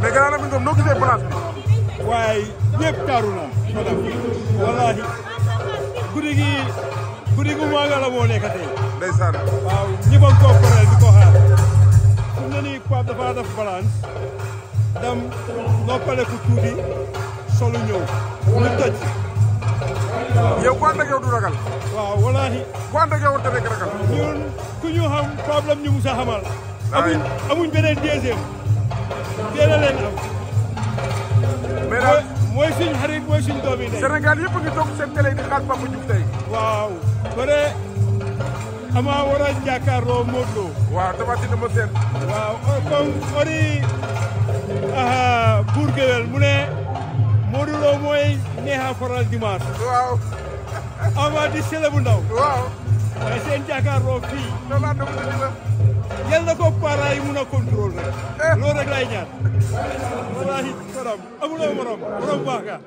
mais gannaaw bi nag noo gisee place bi. waaye ñëpp taaru na non. wallaahi guddi gi guddi gu maa ngi la moo nekk tey. ndeysaan waaw ñi ma ko faral di ko xam nga ni Pape dafa def balance dem noppaleku tuuti solu ñëw ñu tëj. yow ku ànd ak yow du ragal. waaw wallaahi. ku ànd ak ragal. ñun ku ñu xam problème ñu musa xamal. Ah, amuñ beneen deuxième. teel a leen am. mais daal mooy suñ xarit mooy suñ doom yi. Sénégal yëpp ngi toog seen télé di xaar Papa Diouf tey. waaw ba Ama war a jàkkaarloo Modou Lo. waaw Tapha Tine Eumeu waaw comme ori buur géwél mu ne Modou Lo mooy neexa faral dimanche. waaw. Ama di sele waaw. waaye seen na ko para a contrôle rek. Eh. loolu rek laay ñaan. wallaahi salam